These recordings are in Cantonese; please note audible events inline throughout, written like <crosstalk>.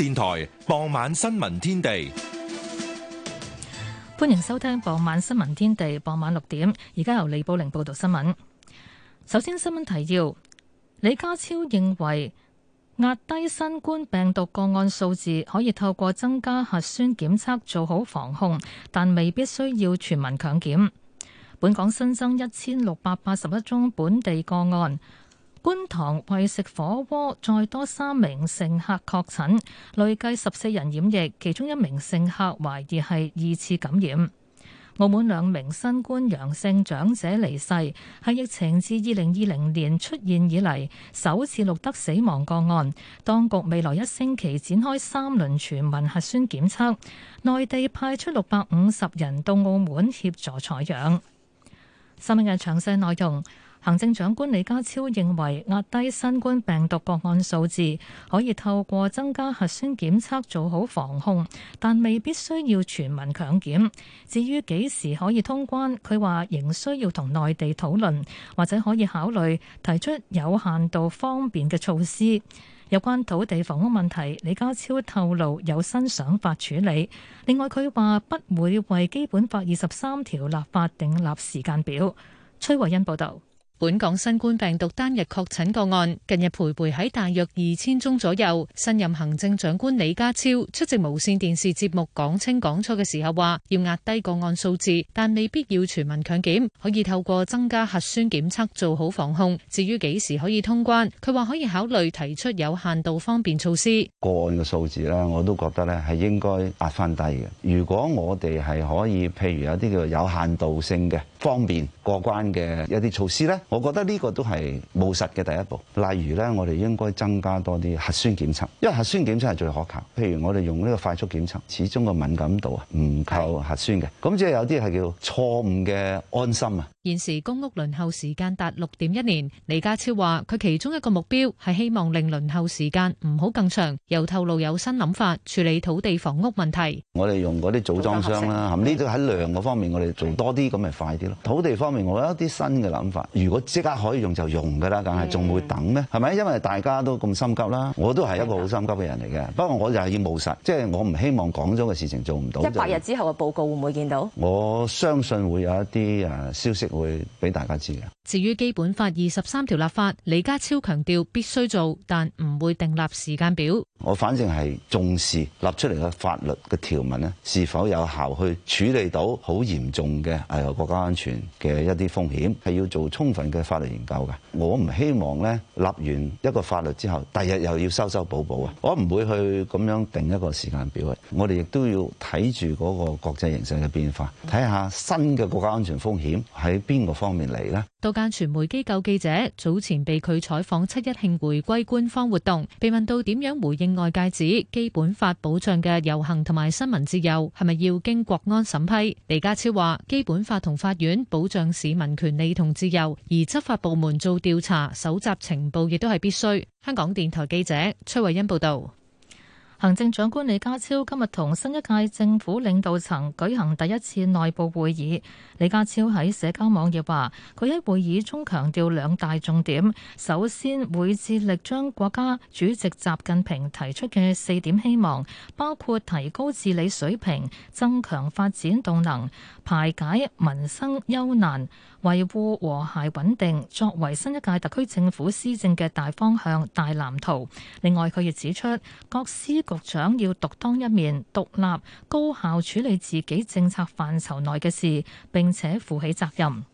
電台傍晚新聞天地，歡迎收聽傍晚新聞天地。傍晚六點，而家由李寶玲報道新聞。首先，新聞提要：李家超認為壓低新冠病毒個案數字可以透過增加核酸檢測做好防控，但未必需要全民強檢。本港新增一千六百八十一宗本地個案。觀塘為食火鍋再多三名乘客確診，累計十四人染疫，其中一名乘客懷疑係二次感染。澳門兩名新冠陽性長者離世，係疫情自二零二零年出現以嚟首次錄得死亡個案。當局未來一星期展開三輪全民核酸檢測，內地派出六百五十人到澳門協助採樣。新聞嘅詳細內容。行政長官李家超認為壓低新冠病毒個案數字可以透過增加核酸檢測做好防控，但未必需要全民強檢。至於幾時可以通關，佢話仍需要同內地討論，或者可以考慮提出有限度方便嘅措施。有關土地房屋問題，李家超透露有新想法處理。另外，佢話不會為基本法二十三條立法訂立時間表。崔慧欣報導。本港新冠病毒單日確診個案近日徘徊喺大約二千宗左右。新任行政長官李家超出席無綫電視節目講清講錯嘅時候話，要壓低個案數字，但未必要全民強檢，可以透過增加核酸檢測做好防控。至於幾時可以通關，佢話可以考慮提出有限度方便措施。個案嘅數字咧，我都覺得咧係應該壓翻低嘅。如果我哋係可以，譬如有啲叫有限度性嘅。方便過關嘅一啲措施呢，我覺得呢個都係務實嘅第一步。例如呢，我哋應該增加多啲核酸檢測，因為核酸檢測係最可靠。譬如我哋用呢個快速檢測，始終個敏感度啊唔夠核酸嘅，咁即係有啲係叫錯誤嘅安心啊。現時公屋輪候時間達六點一年，李家超話佢其中一個目標係希望令輪候時間唔好更長，又透露有新諗法處理土地房屋問題。我哋用嗰啲組裝箱啦，呢度喺量嗰方面我哋做多啲咁咪快啲咯。土地方面我有一啲新嘅諗法，如果即刻可以用就用噶啦，梗係仲會等咩？係咪？因為大家都咁心急啦，我都係一個好心急嘅人嚟嘅。不過我就係要務實，即係我唔希望講咗個嘅事情做唔到。一百日之後嘅報告會唔會見到？我相信會有一啲誒消息。會俾大家知嘅。至於基本法二十三條立法，李家超強調必須做，但唔會訂立時間表。我反正係重視立出嚟嘅法律嘅條文呢，是否有效去處理到好嚴重嘅危害國家安全嘅一啲風險，係要做充分嘅法律研究㗎。我唔希望呢立完一個法律之後，第日又要修修補補啊！我唔會去咁樣定一個時間表嘅。我哋亦都要睇住嗰個國際形勢嘅變化，睇下新嘅國家安全風險喺，邊個方面嚟呢？多間傳媒機構記者早前被拒採訪七一慶回歸官方活動，被問到點樣回應外界指《基本法》保障嘅遊行同埋新聞自由係咪要經國安審批？李家超話，《基本法》同法院保障市民權利同自由，而執法部門做調查蒐集情報亦都係必須。香港電台記者崔慧欣報道。行政長官李家超今日同新一屆政府領導層舉行第一次內部會議。李家超喺社交網頁話，佢喺會議中強調兩大重點：首先會致力將國家主席習近平提出嘅四點希望，包括提高治理水平、增強發展動能。排解民生憂難、維護和諧穩定，作為新一屆特區政府施政嘅大方向、大藍圖。另外，佢亦指出，各司局長要獨當一面、獨立、高效處理自己政策範疇內嘅事，並且負起責任。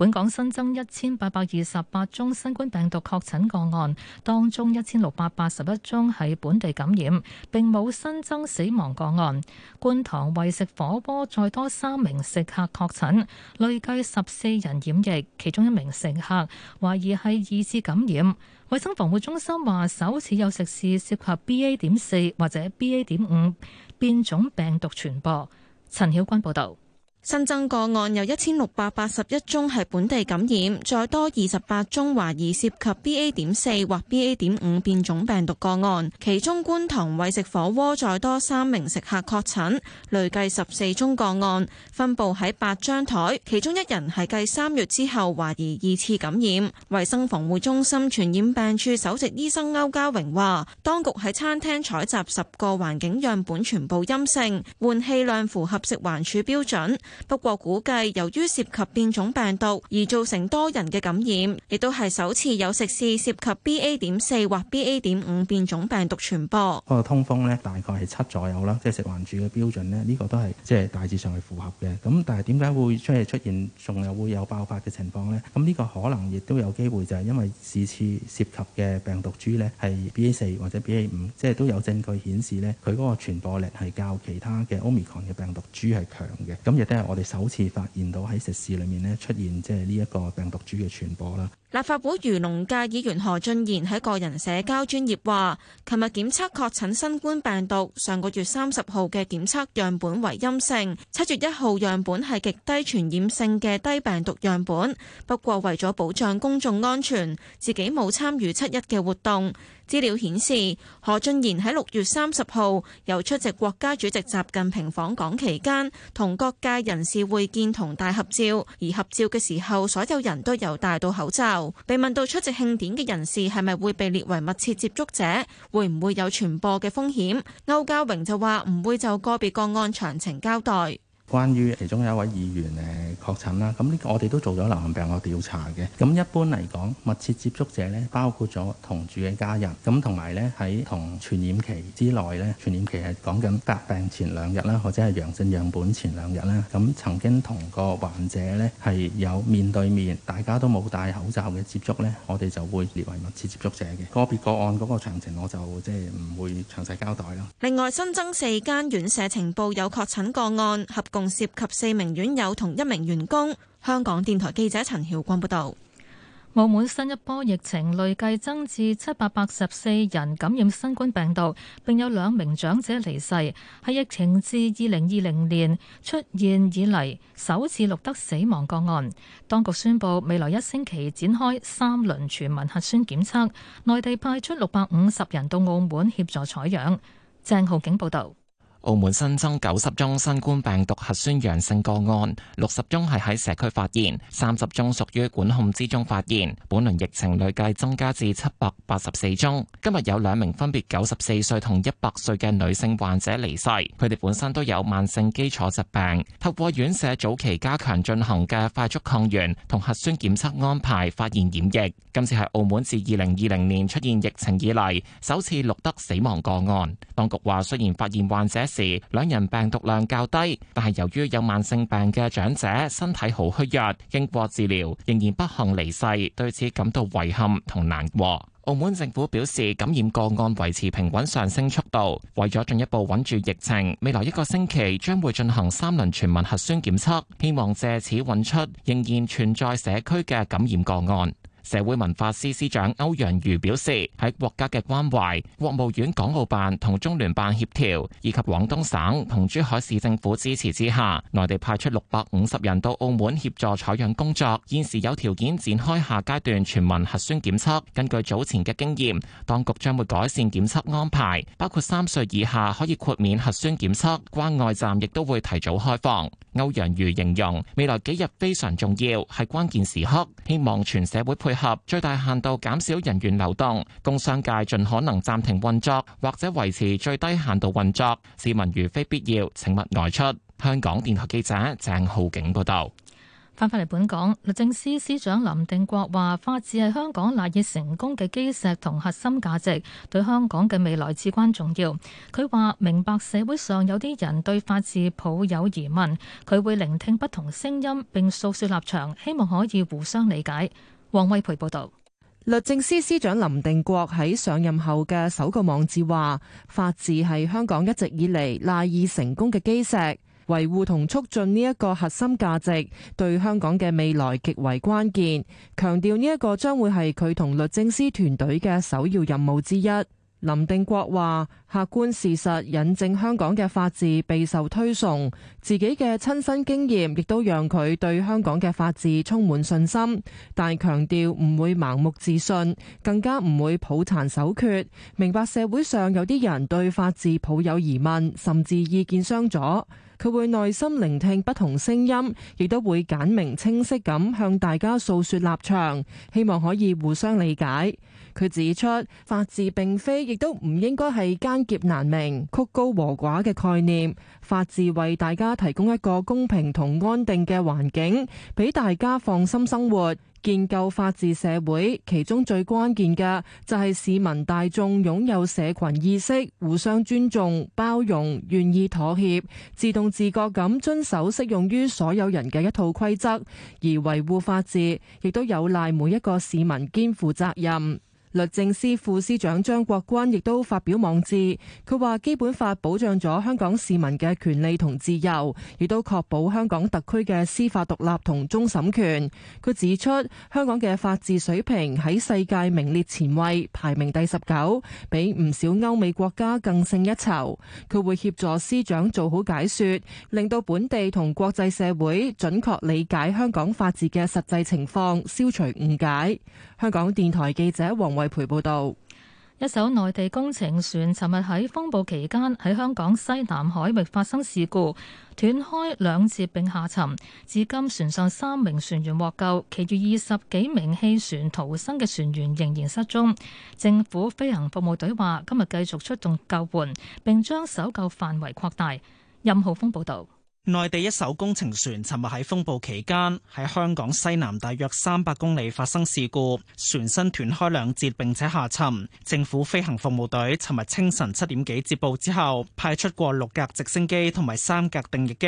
本港新增一千八百二十八宗新冠病毒確診個案，當中一千六百八十一宗係本地感染，並冇新增死亡個案。觀塘為食火鍋再多三名食客確診，累計十四人染疫，其中一名乘客懷疑係二次感染。衛生防護中心話首次有食肆涉及 BA. 點四或者 BA. 點五變種病毒傳播。陳曉君報道。新增個案有一千六百八十一宗係本地感染，再多二十八宗懷疑涉及 B A. 點四或 B A. 點五變種病毒個案，其中觀塘為食火鍋再多三名食客確診，累計十四宗個案分布喺八張台，其中一人係繼三月之後懷疑二次感染。衛生防護中心傳染病處首席醫生歐家榮話，當局喺餐廳採集十個環境樣本，全部陰性，換氣量符合食環署標準。不過估計，由於涉及變種病毒而造成多人嘅感染，亦都係首次有食肆涉及 BA.4 或 BA.5 變種病毒傳播。嗰個通風咧，大概係七左右啦，即係食環署嘅標準呢，呢，呢個都係即係大致上係符合嘅。咁但係點解會出出現仲有會有爆發嘅情況呢？咁呢個可能亦都有機會就係因為此次涉及嘅病毒株呢係 BA.4 或者 BA.5，即係都有證據顯示呢，佢嗰個傳播力係較其他嘅 Omicron 嘅病毒株係強嘅。咁亦都我哋首次發現到喺食肆裏面咧出現，即係呢一個病毒株嘅傳播啦。立法會漁農界議員何俊賢喺個人社交專頁話，琴日檢測確診新冠病毒，上個月三十號嘅檢測樣本為陰性，七月一號樣本係極低傳染性嘅低病毒樣本。不過為咗保障公眾安全，自己冇參與七一嘅活動。資料顯示，何俊賢喺六月三十號有出席國家主席習近平訪港期間，同各界人士會見同大合照，而合照嘅時候所有人都有戴到口罩。被問到出席慶典嘅人士係咪會被列為密切接觸者，會唔會有傳播嘅風險？歐家榮就話唔會就個別個案詳情交代。關於其中有一位議員誒確診啦，咁呢個我哋都做咗流行病學調查嘅。咁一般嚟講，密切接觸者咧，包括咗同住嘅家人，咁同埋咧喺同傳染期之內咧，傳染期係講緊發病前兩日啦，或者係陽性樣本前兩日啦。咁曾經同個患者咧係有面對面，大家都冇戴口罩嘅接觸咧，我哋就會列為密切接觸者嘅。個別個案嗰個詳情，我就即係唔會詳細交代咯，另外新增四間院舍情報有確診個案，合涉及四名院友同一名員工。香港電台記者陳曉君報道，澳門新一波疫情累計增至七百八十四人感染新冠病毒，並有兩名長者離世，係疫情自二零二零年出現以嚟首次錄得死亡個案。當局宣布未來一星期展開三輪全民核酸檢測，內地派出六百五十人到澳門協助採樣。鄭浩景報道。澳門新增九十宗新冠病毒核酸陽性個案，六十宗係喺社區發現，三十宗屬於管控之中發現。本輪疫情累計增加至七百八十四宗。今日有兩名分別九十四歲同一百歲嘅女性患者離世，佢哋本身都有慢性基礎疾病。透過院舍早期加強進行嘅快速抗原同核酸檢測安排，發現染疫。今次係澳門自二零二零年出現疫情以嚟首次錄得死亡個案。當局話雖然發現患者，時兩人病毒量較低，但係由於有慢性病嘅長者身體好虛弱，經過治療仍然不幸離世，對此感到遺憾同難過。澳門政府表示，感染個案維持平穩上升速度，為咗進一步穩住疫情，未來一個星期將會進行三輪全民核酸檢測，希望借此揾出仍然存在社區嘅感染個案。社會文化司司長歐陽瑜表示，喺國家嘅關懷、國務院港澳辦同中聯辦協調，以及廣東省同珠海市政府支持之下，內地派出六百五十人到澳門協助採樣工作。現時有條件展開下階段全民核酸檢測，根據早前嘅經驗，當局將會改善檢測安排，包括三歲以下可以豁免核酸檢測，關外站亦都會提早開放。歐陽瑜形容未來幾日非常重要，係關鍵時刻，希望全社會配配合最大限度減少人員流動，工商界盡可能暫停運作或者維持最低限度運作。市民如非必要，請勿外出。香港電台記者鄭浩景報道。翻返嚟本港，律政司司長林定國話，法治係香港賴以成功嘅基石同核心價值，對香港嘅未來至關重要。佢話明白社會上有啲人對法治抱有疑問，佢會聆聽不同聲音，並訴說立場，希望可以互相理解。黃偉培報道，律政司司長林定國喺上任後嘅首個網誌話，法治係香港一直以嚟賴以成功嘅基石，維護同促進呢一個核心價值，對香港嘅未來極為關鍵，強調呢一個將會係佢同律政司團隊嘅首要任務之一。林定國話：客觀事實引證香港嘅法治備受推崇，自己嘅親身經驗亦都讓佢對香港嘅法治充滿信心。但強調唔會盲目自信，更加唔會抱殘守缺。明白社會上有啲人對法治抱有疑問，甚至意見相左，佢會耐心聆聽不同聲音，亦都會簡明清晰咁向大家訴說立場，希望可以互相理解。佢指出，法治並非亦都唔應該係艱澀難明、曲高和寡嘅概念。法治為大家提供一個公平同安定嘅環境，俾大家放心生活，建構法治社會，其中最關鍵嘅就係市民大眾擁有社群意識，互相尊重、包容，願意妥協，自動自覺咁遵守適用於所有人嘅一套規則，而維護法治亦都有賴每一個市民肩負責任。律政司副司長張國鈞亦都發表網誌，佢話《基本法》保障咗香港市民嘅權利同自由，亦都確保香港特區嘅司法獨立同終審權。佢指出，香港嘅法治水平喺世界名列前茅，排名第十九，比唔少歐美國家更勝一籌。佢會協助司長做好解說，令到本地同國際社會準確理解香港法治嘅實際情況，消除誤解。香港電台記者黃。維培報道，一艘內地工程船尋日喺風暴期間喺香港西南海域發生事故，斷開兩節並下沉。至今船上三名船員獲救，其餘二十幾名棄船逃生嘅船員仍然失蹤。政府飛行服務隊話，今日繼續出動救援，並將搜救範圍擴大。任浩峰報道。內地一艘工程船尋日喺風暴期間喺香港西南大約三百公里發生事故，船身斷開兩截並且下沉。政府飛行服務隊尋日清晨七點幾接報之後，派出過六架直升機同埋三架定翼機，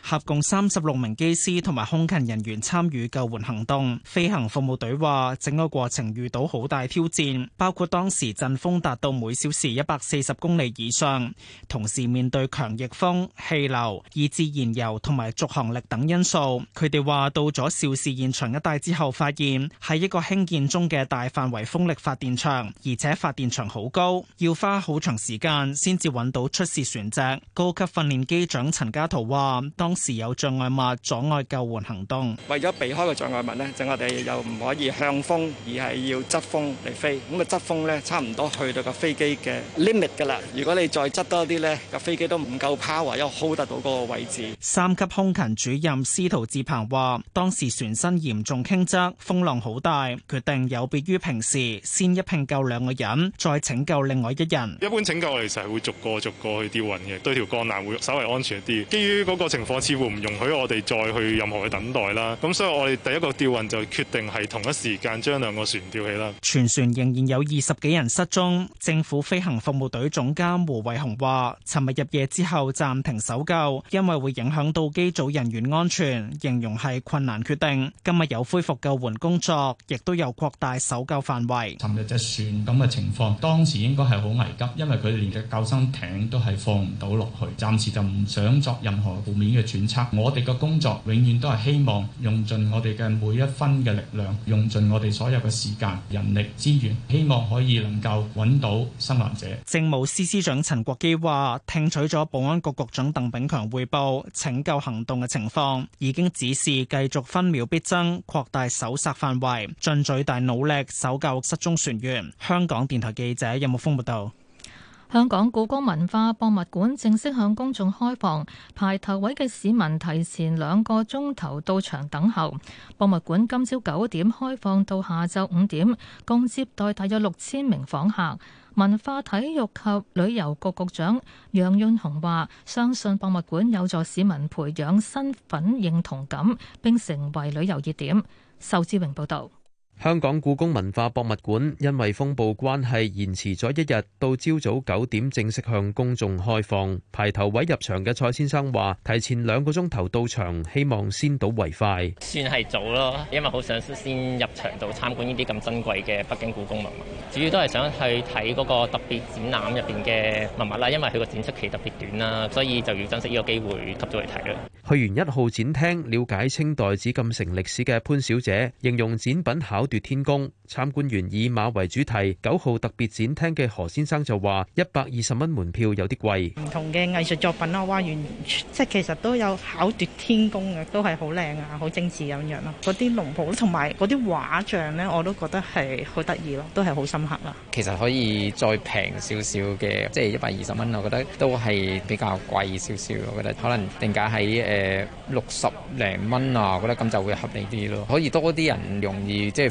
合共三十六名機師同埋空勤人員參與救援行動。飛行服務隊話，整個過程遇到好大挑戰，包括當時陣風達到每小時一百四十公里以上，同時面對強逆風、氣流，以至，燃油同埋續航力等因素，佢哋話到咗肇事現場一帶之後，發現係一個興建中嘅大範圍風力發電場，而且發電場好高，要花好長時間先至揾到出事船隻。高級訓練機長陳家圖話：當時有障礙物阻礙救援行動，為咗避開個障礙物咧，就我哋又唔可以向風，而係要側風嚟飛，咁啊側風咧，差唔多去到個飛機嘅 limit 噶啦。如果你再側多啲咧，個飛機都唔夠 power，又 hold 得到嗰個位置。三級空勤主任司徒志鵬話：當時船身嚴重傾側，風浪好大，決定有別於平時，先一拼救兩個人，再拯救另外一人。一般拯救其實係會逐個逐個去吊運嘅，對條鋼纜會稍微安全一啲。基於嗰個情況，似乎唔容許我哋再去任何嘅等待啦。咁所以我哋第一個吊運就決定係同一時間將兩個船吊起啦。全船仍然有二十幾人失蹤。政府飛行服務隊總監胡偉雄話：尋日入夜之後暫停搜救，因為會影響到機組人員安全，形容係困難決定。今日有恢復救援工作，亦都有擴大搜救範圍。尋日隻船咁嘅情況，當時應該係好危急，因為佢連隻救生艇都係放唔到落去。暫時就唔想作任何負面嘅揣測。我哋嘅工作永遠都係希望用盡我哋嘅每一分嘅力量，用盡我哋所有嘅時間、人力資源，希望可以能夠揾到生還者。政務司司長陳國基話，聽取咗保安局局長鄧炳強匯報。拯救行動嘅情況，已經指示繼續分秒必爭，擴大搜索範圍，盡最大努力搜救失蹤船員。香港電台記者任木峰報道。香港故宮文化博物館正式向公眾開放，排頭位嘅市民提前兩個鐘頭到場等候。博物館今朝九點開放到下晝五點，共接待大約六千名訪客。文化體育及旅遊局局長楊潤雄話：相信博物館有助市民培養身份認同感，並成為旅遊熱點。仇志榮報導。香港故宮文化博物館因為風暴關係延遲咗一日，到朝早九點正式向公眾開放。排頭位入場嘅蔡先生話，提前兩個鐘頭到場，希望先睹為快。算係早咯，因為好想先入場度參觀呢啲咁珍貴嘅北京故宮文物。主要都係想去睇嗰個特別展覽入邊嘅文物啦，因為佢個展出期特別短啦，所以就要珍惜這個機會，及早嚟睇啦。去完一號展廳，了解清代紫禁城歷史嘅潘小姐，形容展品考巧奪天工，參觀完以馬為主題九號特別展廳嘅何先生就話：一百二十蚊門票有啲貴。唔同嘅藝術作品咯，哇，完即係其實都有巧奪天工嘅，都係好靚啊，好精致咁樣咯。嗰啲龍袍同埋嗰啲畫像呢，我都覺得係好得意咯，都係好深刻啦。其實可以再平少少嘅，即係一百二十蚊，我覺得都係比較貴少少。我覺得可能定價喺誒六十零蚊啊，我覺得咁就會合理啲咯，可以多啲人容易即係。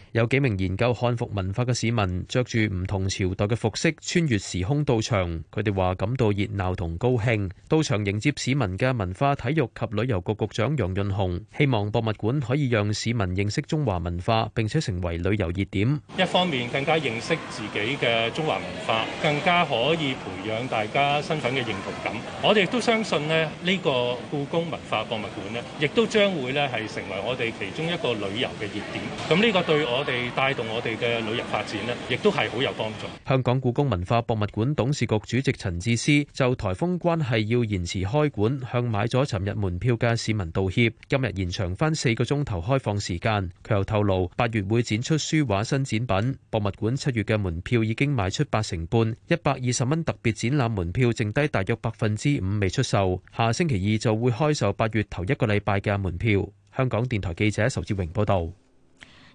有幾名研究漢服文化嘅市民，著住唔同朝代嘅服飾，穿越時空到場。佢哋話感到熱鬧同高興。到場迎接市民嘅文化體育及旅遊局局長楊潤雄，希望博物館可以讓市民認識中華文化，並且成為旅遊熱點。一方面更加認識自己嘅中華文化，更加可以培養大家身份嘅認同感。我哋亦都相信咧，呢個故宮文化博物館咧，亦都將會咧係成為我哋其中一個旅遊嘅熱點。咁呢個對我我哋帶動我哋嘅旅遊發展呢亦都係好有幫助。香港故宮文化博物館董事局主席陳智思就颱風關係要延遲開館，向買咗尋日門票嘅市民道歉。今日延長返四個鐘頭開放時間。佢又透露，八月會展出書畫新展品。博物館七月嘅門票已經賣出八成半，一百二十蚊特別展覽門票剩低大約百分之五未出售。下星期二就會開售八月頭一個禮拜嘅門票。香港電台記者仇志榮報導。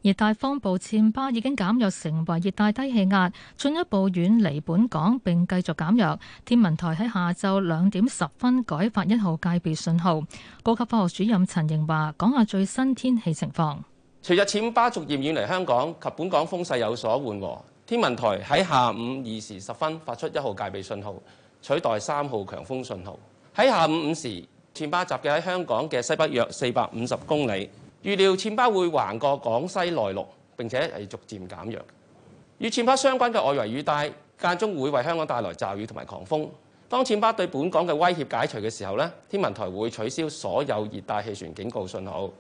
熱帶風暴暹巴已經減弱成為熱帶低氣壓，進一步遠離本港並繼續減弱。天文台喺下晝兩點十分改發一號戒備信號。高級科學主任陳盈華：講下最新天氣情況。隨着暹巴逐漸遠離香港及本港風勢有所緩和，天文台喺下午二時十分發出一號戒備信號，取代三號強風信號。喺下午五時，暹巴集結喺香港嘅西北約四百五十公里。預料暹芭會橫過廣西內陸，並且係逐漸減弱。與暹芭相關嘅外圍雨帶間中會為香港帶來驟雨同埋狂風。當暹芭對本港嘅威脅解除嘅時候呢，天文台會取消所有熱帶氣旋警告信號。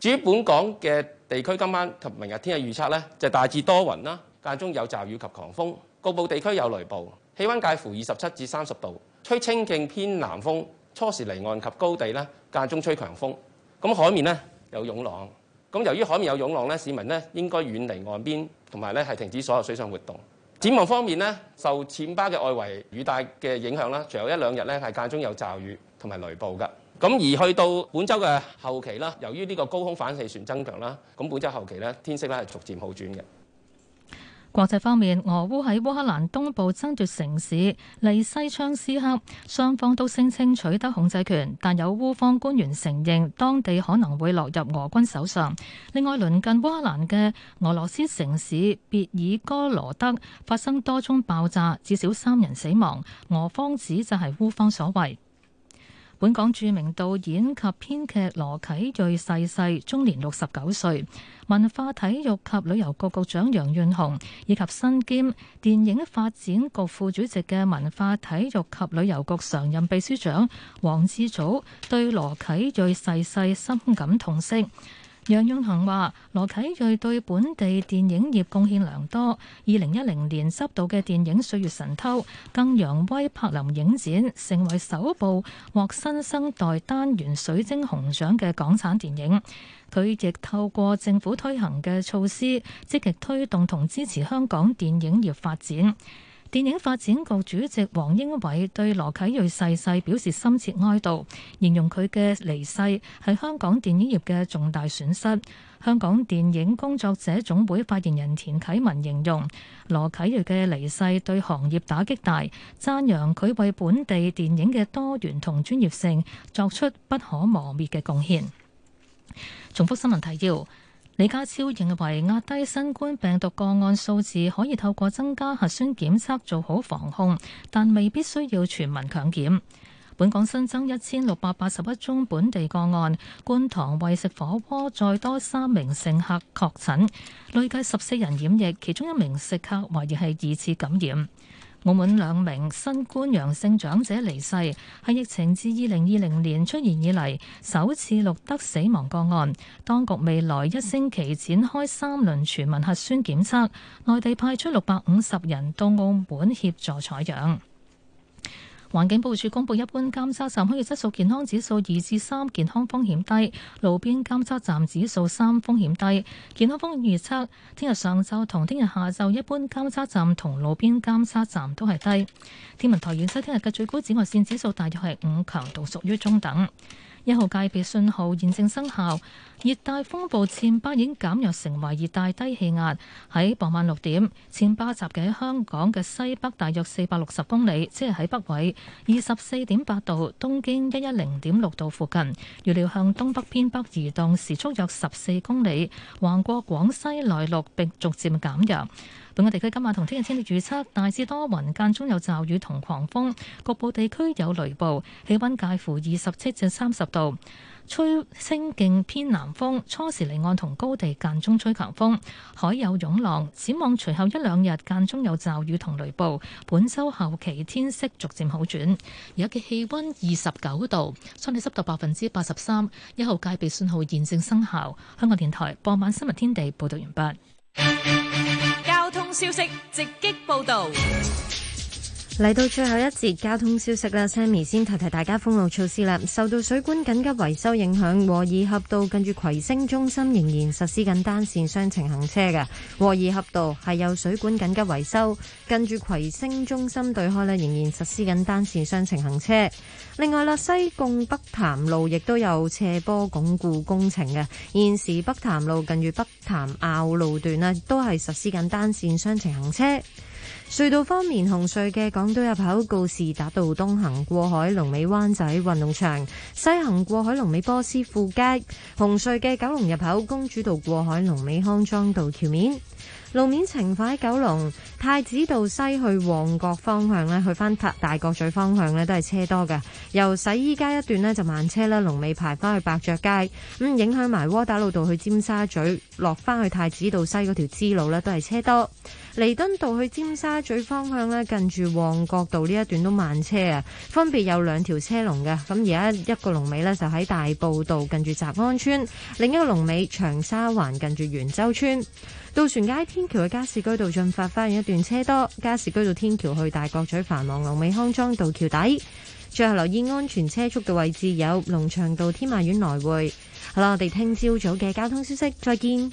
至於本港嘅地區，今晚及明日天氣預測呢就是、大致多雲啦，間中有驟雨及狂風，局部地區有雷暴，氣温介乎二十七至三十度，吹清勁偏南風，初時離岸及高地呢，間中吹強風。咁海面呢。有湧浪，咁由於海面有湧浪咧，市民咧應該遠離岸邊，同埋咧係停止所有水上活動。展望方面咧，受淺巴嘅外圍雨帶嘅影響啦，仲有一兩日咧係間中有驟雨同埋雷暴嘅。咁而去到本週嘅後期啦，由於呢個高空反氣旋增強啦，咁本週後期咧天色咧係逐漸好轉嘅。國際方面，俄烏喺烏克蘭東部爭奪城市利西昌斯克，雙方都聲稱取得控制權，但有烏方官員承認當地可能會落入俄軍手上。另外，鄰近烏克蘭嘅俄羅斯城市別爾哥羅德發生多宗爆炸，至少三人死亡，俄方指就係烏方所為。本港著名導演及編劇羅啟銳逝世，終年六十九歲。文化體育及旅遊局局長楊潤雄，以及身兼電影發展局副主席嘅文化體育及旅遊局常任秘書長黃志祖，對羅啟銳逝世深感痛惜。楊永恒話：羅啟銳對本地電影業貢獻良多。二零一零年執導嘅電影《歲月神偷》更揚威柏林影展，成為首部獲新生代單元水晶熊獎嘅港產電影。佢亦透過政府推行嘅措施，積極推動同支持香港電影業發展。電影發展局主席王英偉對羅啟銳逝世表示深切哀悼，形容佢嘅離世係香港電影業嘅重大損失。香港電影工作者總會發言人田啟文形容羅啟銳嘅離世對行業打擊大，讚揚佢為本地電影嘅多元同專業性作出不可磨滅嘅貢獻。重複新聞提要。李家超認為壓低新冠病毒個案數字可以透過增加核酸檢測做好防控，但未必需要全民強檢。本港新增一千六百八十一宗本地個案，觀塘喂食火鍋再多三名乘客確診，累計十四人染疫，其中一名食客懷疑係二次感染。澳門兩名新冠陽性長者離世，係疫情自二零二零年出現以嚟首次錄得死亡個案。當局未來一星期展開三輪全民核酸檢測，內地派出六百五十人到澳門協助採樣。環境保護署公布，一般監測站空氣質素健康指數二至三，健康風險低；路邊監測站指數三，風險低。健康風險預測，聽日上晝同聽日下晝，一般監測站同路邊監測站都係低。天文台預測，聽日嘅最高紫外線指數大約係五，強度屬於中等。一號戒備信號現正生效。熱帶風暴暹芭已減弱成為熱帶低氣壓，喺傍晚六點，暹芭集結喺香港嘅西北大約四百六十公里，即係喺北緯二十四點八度、東經一一零點六度附近。預料向東北偏北移動，時速約十四公里，橫過廣西內陸並逐漸減弱。本港地區今晚同聽日天氣預測，大致多雲，間中有驟雨同狂風，局部地區有雷暴，氣温介乎二十七至三十度。吹清勁偏南風，初時離岸同高地間中吹強風，海有湧浪。展望隨後一兩日間中有驟雨同雷暴，本週後期天色逐漸好轉。而家嘅氣温二十九度，相對濕度百分之八十三，一號戒備信號現正生效。香港電台傍晚新聞天地，報道完畢。交通消息直擊報導。嚟到最後一節交通消息啦，Sammy 先提提大家封路措施啦。受到水管緊急維修影響，和宜合道近住葵星中心仍然實施緊單線雙程行車嘅。和宜合道係有水管緊急維修，近住葵星中心對開呢，仍然實施緊單線雙程行車。另外啦，西貢北潭路亦都有斜坡鞏固工程嘅，現時北潭路近住北潭坳路段呢，都係實施緊單線雙程行車。隧道方面，紅隧嘅港島入口告士打道東行過海，龍尾灣仔運動場；西行過海，龍尾波斯富街。紅隧嘅九龍入口公主道過海，龍尾康莊道橋面。路面情況喺九龍太子道西去旺角方向咧，去翻大角咀方向咧都係車多㗎。由洗衣街一段呢就慢車啦，龍尾排翻去白爵街咁，影響埋窩打老道去尖沙咀落翻去太子道西嗰條支路呢都係車多。彌敦道去尖沙咀方向呢，近住旺角道呢一段都慢車啊，分別有兩條車龍嘅。咁而家一個龍尾呢，就喺大埔道近住澤安村，另一個龍尾長沙環近住元州村。渡船街天橋嘅加士居道駿發花園一段車多，加士居道天橋去，去大角咀繁忙，龍尾康莊道橋底。最後留意安全車速嘅位置有龍翔道天馬苑來回。好啦，我哋聽朝早嘅交通消息，再見。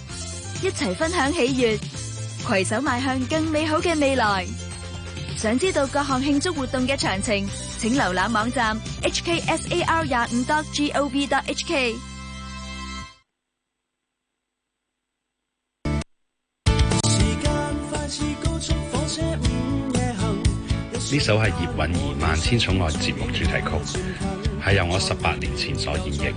一齊分享喜悅，攜手邁向更美好嘅未來。想知道各項慶祝活動嘅詳情，請瀏覽網站 hksar25.gov.hk。呢首係葉蘊儀《萬千寵愛》節目主題曲，係由我十八年前所演繹。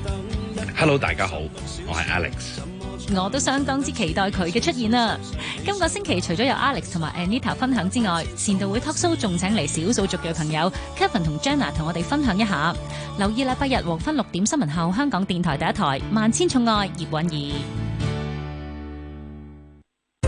Hello，大家好，我係 Alex。我都相當之期待佢嘅出現啦。今個星期除咗有 Alex 同埋 Anita 分享之外，善導會 talk show 仲請嚟少數族嘅朋友 Kevin 同 Jenna 同我哋分享一下。留意禮拜日黃昏六點新聞後，香港電台第一台《萬千寵愛葉韻儀》葉儀，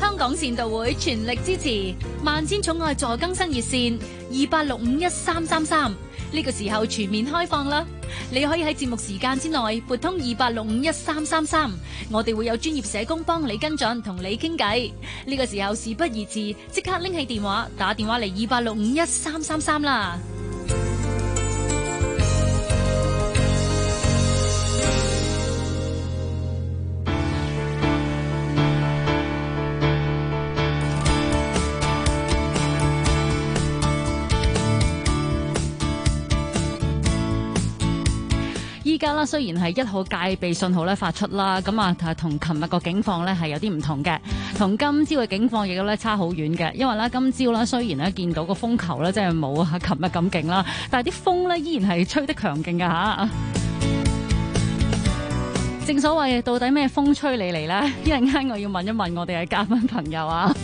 香港善導會全力支持《萬千寵愛助更新熱線》二八六五一三三三。呢個時候全面開放啦！你可以喺節目時間之內撥通二八六五一三三三，我哋會有專業社工幫你跟進同你傾偈。呢個時候事不宜遲，即刻拎起電話，打電話嚟二八六五一三三三啦！啦，雖然係一號戒備信號咧發出啦，咁啊同琴日個警況咧係有啲唔同嘅，同今朝嘅警況亦都咧差好遠嘅，因為咧今朝啦雖然咧見到個風球咧真係冇啊，琴日咁勁啦，但係啲風咧依然係吹得強勁㗎吓。正所謂到底咩風吹你嚟咧？一陣間我要問一問我哋嘅嘉賓朋友啊。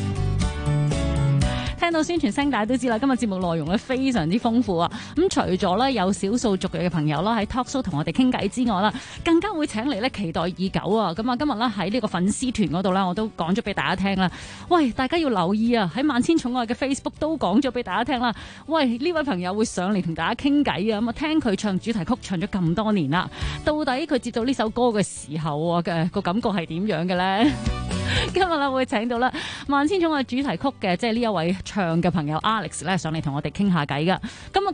聽到宣傳聲，大家都知啦。今日節目內容咧非常之豐富啊！咁除咗咧有少數族裔嘅朋友啦喺 talk show 同我哋傾偈之外啦，更加會請嚟，咧期待已久啊！咁啊，今日咧喺呢個粉絲團嗰度咧，我都講咗俾大家聽啦。喂，大家要留意啊！喺萬千寵愛嘅 Facebook 都講咗俾大家聽啦。喂，呢位朋友會上嚟同大家傾偈啊！咁啊，聽佢唱主題曲唱咗咁多年啦，到底佢接到呢首歌嘅時候嘅個、呃、感覺係點樣嘅咧？ <laughs> 今日啊，會請到啦萬千寵愛主題曲嘅，即係呢一位。唱嘅朋友 Alex 咧，上嚟同我哋傾下偈噶，今日